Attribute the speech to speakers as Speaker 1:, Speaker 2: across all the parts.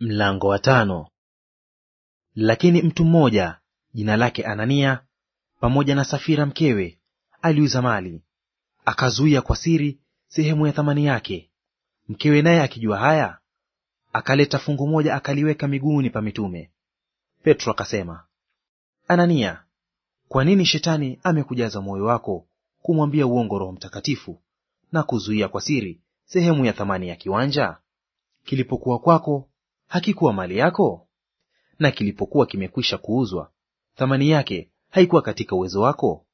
Speaker 1: Mlango wa tano. Lakini mtu mmoja jina lake Anania pamoja na Safira mkewe aliuza mali, akazuia kwa siri sehemu ya thamani yake. Mkewe naye akijua haya, akaleta fungu moja akaliweka miguuni pa mitume. Petro akasema, Anania, kwa nini shetani amekujaza moyo wako kumwambia uongo Roho Mtakatifu na kuzuia kwa siri sehemu ya thamani ya kiwanja? Kilipokuwa kwako hakikuwa mali yako? Na kilipokuwa kimekwisha kuuzwa, thamani yake haikuwa katika uwezo wako?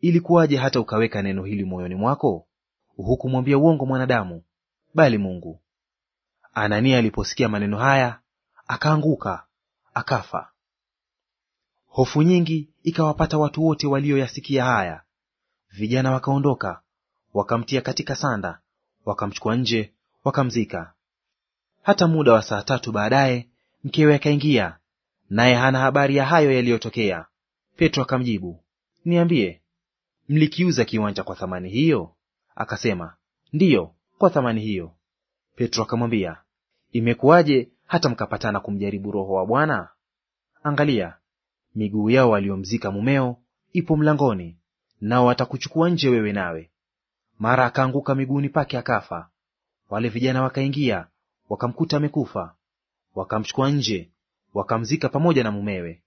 Speaker 1: Ilikuwaje hata ukaweka neno hili moyoni mwako? Hukumwambia uongo mwanadamu, bali Mungu. Anania aliposikia maneno haya, akaanguka akafa. Hofu nyingi ikawapata watu wote walioyasikia haya. Vijana wakaondoka, wakamtia katika sanda, wakamchukua nje, wakamzika. Hata muda wa saa tatu baadaye mkewe akaingia, naye hana habari ya hayo yaliyotokea. Petro akamjibu, niambie, mlikiuza kiwanja kwa thamani hiyo? Akasema, ndiyo, kwa thamani hiyo. Petro akamwambia, imekuwaje hata mkapatana kumjaribu Roho wa Bwana? Angalia, miguu yao waliomzika mumeo ipo mlangoni, nao watakuchukua nje wewe nawe. Mara akaanguka miguuni pake akafa. Wale vijana wakaingia wakamkuta amekufa, wakamchukua nje, wakamzika pamoja na mumewe.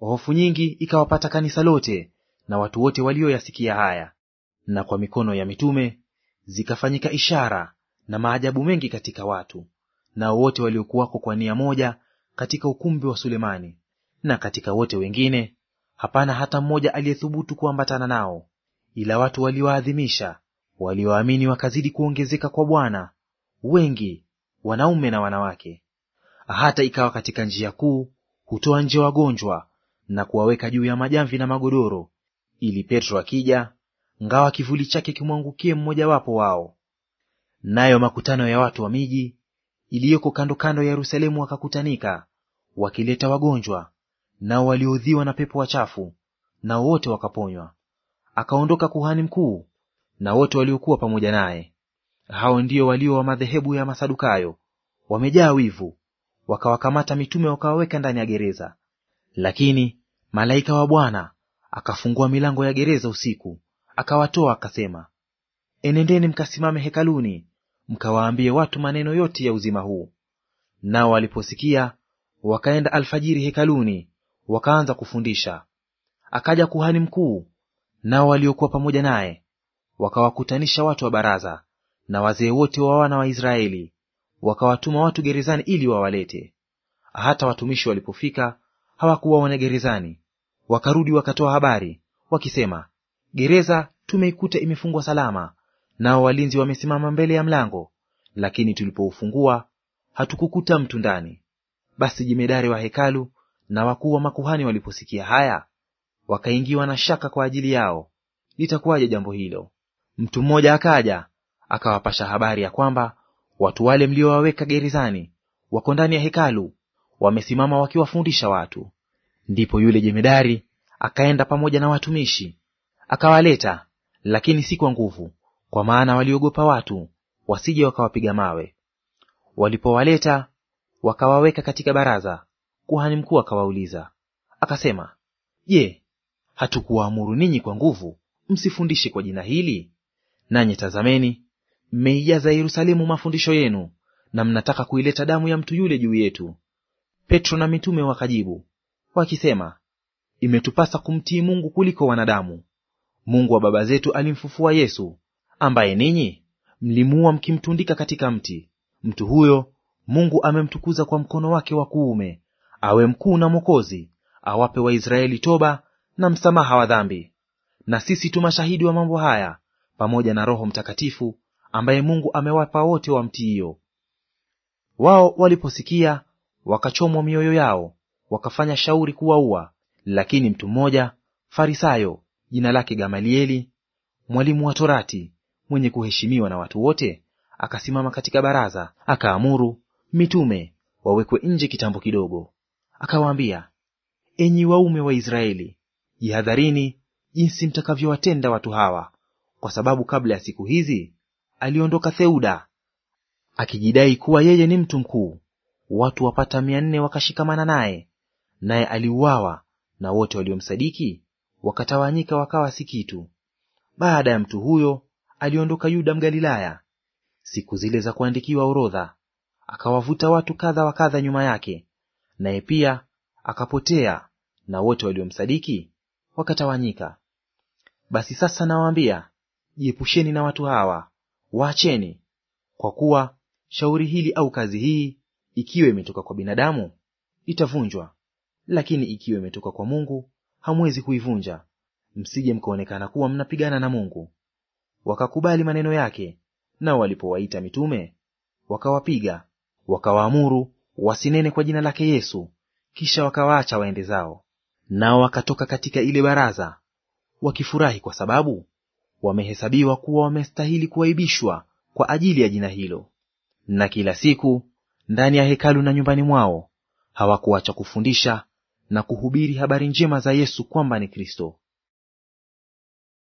Speaker 1: Hofu nyingi ikawapata kanisa lote na watu wote walioyasikia haya, na kwa mikono ya mitume zikafanyika ishara na maajabu mengi katika watu. Nao wote waliokuwako kwa nia moja katika ukumbi wa Sulemani, na katika wote wengine hapana hata mmoja aliyethubutu kuambatana nao, ila watu waliwaadhimisha walioamini wakazidi kuongezeka kwa Bwana wengi wanaume na wanawake. Hata ikawa katika njia kuu hutoa nje wagonjwa na kuwaweka juu ya majamvi na magodoro, ili Petro akija, ngawa kivuli chake kimwangukie mmojawapo wao. Nayo makutano ya watu wa miji iliyoko kando kando ya Yerusalemu wakakutanika, wakileta wagonjwa nao waliodhiwa na pepo wachafu, nao wote wakaponywa. Akaondoka kuhani mkuu na wote waliokuwa pamoja naye. Hao ndio walio wa madhehebu ya Masadukayo, wamejaa wivu, wakawakamata mitume wakawaweka ndani ya gereza. Lakini malaika wa Bwana akafungua milango ya gereza usiku, akawatoa akasema, enendeni mkasimame hekaluni, mkawaambie watu maneno yote ya uzima huu. Nao waliposikia wakaenda alfajiri hekaluni, wakaanza kufundisha. Akaja kuhani mkuu, nao waliokuwa pamoja naye wakawakutanisha watu wa baraza na wazee wote wa wana wa Israeli, wakawatuma watu gerezani ili wawalete. Hata watumishi walipofika hawakuwaona gerezani, wakarudi wakatoa habari wakisema, gereza tumeikuta imefungwa salama, nao walinzi wamesimama mbele ya mlango, lakini tulipoufungua hatukukuta mtu ndani. Basi jemedari wa hekalu na wakuu wa makuhani waliposikia haya, wakaingiwa na shaka kwa ajili yao, litakuwaje jambo hilo? Mtu mmoja akaja akawapasha habari ya kwamba Watu wale mliowaweka gerezani wako ndani ya hekalu, wamesimama wakiwafundisha watu. Ndipo yule jemedari akaenda pamoja na watumishi akawaleta, lakini si kwa nguvu, kwa maana waliogopa watu wasije wakawapiga mawe. Walipowaleta wakawaweka katika baraza, kuhani mkuu akawauliza akasema, Je, hatukuwaamuru ninyi kwa nguvu msifundishe kwa jina hili? Nanyi tazameni, mmeijaza Yerusalemu mafundisho yenu, na mnataka kuileta damu ya mtu yule juu yetu. Petro na mitume wakajibu wakisema, imetupasa kumtii Mungu kuliko wanadamu. Mungu wa baba zetu alimfufua Yesu, ambaye ninyi mlimuua mkimtundika katika mti. Mtu huyo Mungu amemtukuza kwa mkono wake wa kuume, awe mkuu na Mwokozi, awape Waisraeli toba na msamaha wa dhambi. Na sisi tu mashahidi wa mambo haya, pamoja na Roho Mtakatifu ambaye Mungu amewapa wote wa mtiio. Wao waliposikia wakachomwa mioyo yao, wakafanya shauri kuwaua. Lakini mtu mmoja Farisayo, jina lake Gamalieli, mwalimu wa Torati, mwenye kuheshimiwa na watu wote, akasimama katika baraza, akaamuru mitume wawekwe nje kitambo kidogo. Akawaambia, enyi waume wa Israeli, jihadharini jinsi mtakavyowatenda watu hawa, kwa sababu kabla ya siku hizi aliondoka Theuda akijidai kuwa yeye ni mtu mkuu. Watu wapata mia nne wakashikamana naye, naye aliuawa, na wote waliomsadiki wakatawanyika wakawa si kitu. Baada ya mtu huyo aliondoka Yuda Mgalilaya siku zile za kuandikiwa orodha, akawavuta watu kadha wa kadha nyuma yake, naye pia akapotea, na wote waliomsadiki wakatawanyika. Basi sasa nawaambia, jiepusheni na watu hawa, Waacheni, kwa kuwa shauri hili au kazi hii, ikiwa imetoka kwa binadamu, itavunjwa; lakini ikiwa imetoka kwa Mungu, hamwezi kuivunja, msije mkaonekana kuwa mnapigana na Mungu. Wakakubali maneno yake, nao walipowaita mitume, wakawapiga, wakawaamuru wasinene kwa jina lake Yesu, kisha wakawaacha waende zao. Nao wakatoka katika ile baraza wakifurahi kwa sababu wamehesabiwa kuwa wamestahili kuaibishwa kwa ajili ya jina hilo. Na kila siku ndani ya hekalu na nyumbani mwao hawakuacha kufundisha na kuhubiri habari njema za Yesu kwamba ni Kristo.